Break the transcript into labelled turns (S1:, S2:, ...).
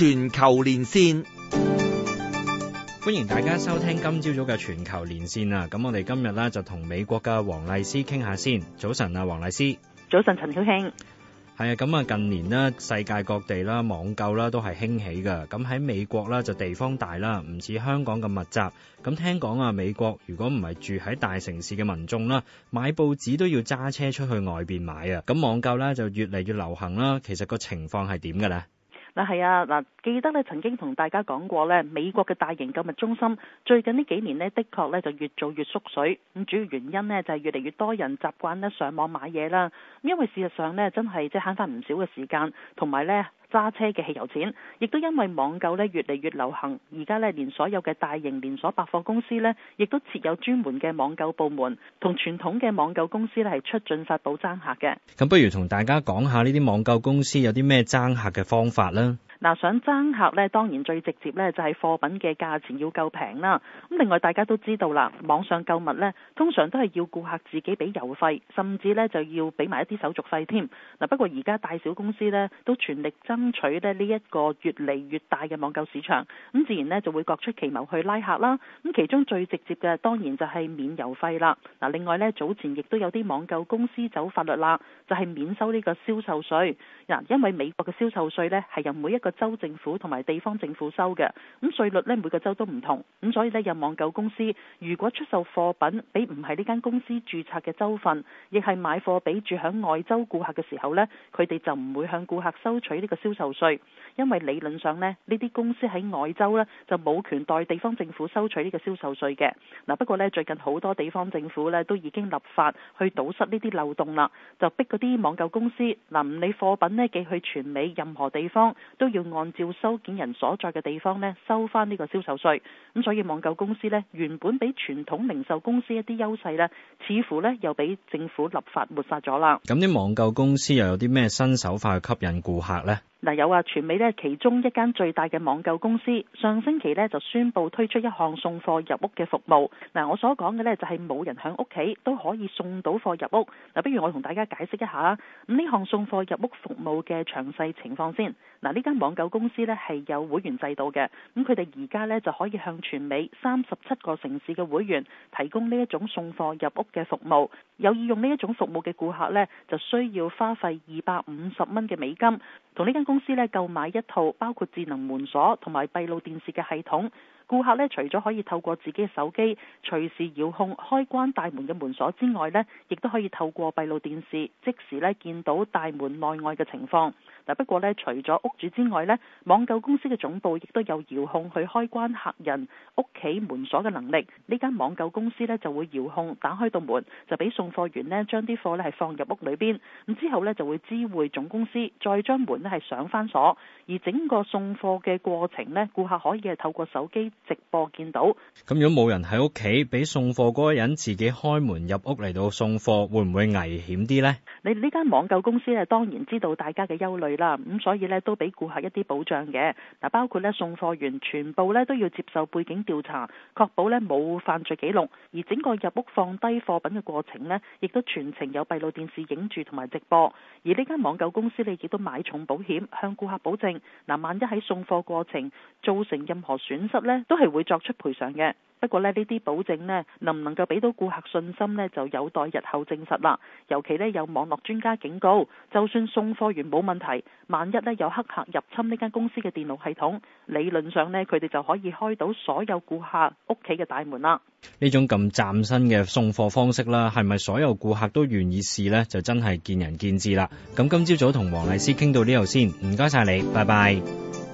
S1: 全球連線，歡迎大家收聽今朝早嘅全球連線啊！咁我哋今日咧就同美國嘅黃麗施傾下先。早晨啊，黃麗施。早晨，陳曉慶。係啊，咁啊，近年咧，世界各地啦，網購啦，都係興起噶。咁喺美國咧，就地方大啦，唔似香港咁密集。咁聽講啊，美國如果唔係住喺大城市嘅民眾啦，買報紙都要揸車出去外邊買啊。咁網購咧就越嚟越流行啦。其實個情況係點嘅咧？
S2: 嗱係啊，嗱記得咧曾經同大家講過咧，美國嘅大型購物中心最近呢幾年咧，的確咧就越做越縮水，咁主要原因咧就係越嚟越多人習慣咧上網買嘢啦，因為事實上咧真係即係慳翻唔少嘅時間，同埋咧，揸車嘅汽油錢，亦都因為網購咧越嚟越流行，而家咧連所有嘅大型連鎖百貨公司咧，亦都設有專門嘅網購部門，同傳統嘅網購公司咧係出盡法寶爭客嘅。
S1: 咁不如同大家講下呢啲網購公司有啲咩爭客嘅方法呢？
S2: 嗱，想爭客咧，當然最直接咧就係貨品嘅價錢要夠平啦。咁另外大家都知道啦，網上購物咧通常都係要顧客自己俾郵費，甚至咧就要俾埋一啲手續費添。嗱，不過而家大小公司咧都全力爭取咧呢一個越嚟越大嘅網購市場，咁自然呢就會各出奇謀去拉客啦。咁其中最直接嘅當然就係免郵費啦。嗱，另外咧早前亦都有啲網購公司走法律啦，就係免收呢個銷售稅。嗱，因為美國嘅銷售稅咧係由每一個州政府同埋地方政府收嘅，咁稅率呢每個州都唔同，咁所以呢有網購公司如果出售貨品俾唔係呢間公司註冊嘅州份，亦係買貨俾住響外州顧客嘅時候呢，佢哋就唔會向顧客收取呢個銷售稅，因為理論上呢呢啲公司喺外州呢就冇權代地方政府收取呢個銷售稅嘅。嗱，不過呢最近好多地方政府呢都已經立法去堵塞呢啲漏洞啦，就逼嗰啲網購公司嗱，唔理貨品呢寄去全美任何地方都要。要按照收件人所在嘅地方咧收翻呢個銷售稅，咁所以網購公司咧原本比傳統零售公司一啲優勢咧，似乎咧又俾政府立法抹殺咗啦。
S1: 咁啲網購公司又有啲咩新手法去吸引顧客咧？
S2: 嗱，有啊，全美其中一間最大嘅網購公司，上星期就宣佈推出一項送貨入屋嘅服務。嗱，我所講嘅就係冇人響屋企都可以送到貨入屋。嗱，不如我同大家解釋一下，咁呢項送貨入屋服務嘅詳細情況先。嗱，呢間網購公司呢係有會員制度嘅，咁佢哋而家就可以向全美三十七個城市嘅會員提供呢一種送貨入屋嘅服務。有意用呢一種服務嘅顧客呢，就需要花費二百五十蚊嘅美金，同呢間。公司咧購買一套包括智能門鎖同埋閉路電視嘅系統。顧客咧，除咗可以透過自己嘅手機隨時遙控開關大門嘅門鎖之外呢，亦都可以透過閉路電視即時咧見到大門內外嘅情況。嗱，不過呢，除咗屋主之外呢，網購公司嘅總部亦都有遙控去開關客人屋企門鎖嘅能力。呢間網購公司呢，就會遙控打開道門，就俾送貨員呢，將啲貨呢，係放入屋裏邊，咁之後呢，就會知會總公司，再將門呢，係上翻鎖，而整個送貨嘅過程呢，顧客可以係透過手機直播見到。
S1: 咁如果冇人喺屋企，俾送貨嗰個人自己開門入屋嚟到送貨，會唔會危險啲呢？
S2: 你呢間網購公司咧，當然知道大家嘅憂慮啦，咁所以呢都俾顧客一啲保障嘅。嗱，包括呢送貨員全部呢都要接受背景調查，確保呢冇犯罪記錄，而整個入屋放低貨品嘅過程呢，亦都全程有閉路電視影住同埋直播。而呢間網購公司咧亦都買重保險。向顧客保證，嗱，萬一喺送貨過程造成任何損失呢，都係會作出賠償嘅。不過呢啲保證呢，能唔能夠俾到顧客信心呢，就有待日後證實啦。尤其呢有網絡專家警告，就算送貨員冇問題，萬一呢有黑客入侵呢間公司嘅電腦系統，理論上呢佢哋就可以開到所有顧客屋企嘅大門啦。
S1: 呢種咁嶄新嘅送貨方式啦，係咪所有顧客都願意試呢？就真係見仁見智啦。咁今朝早同黃麗施傾到呢度先，唔該晒你，拜拜。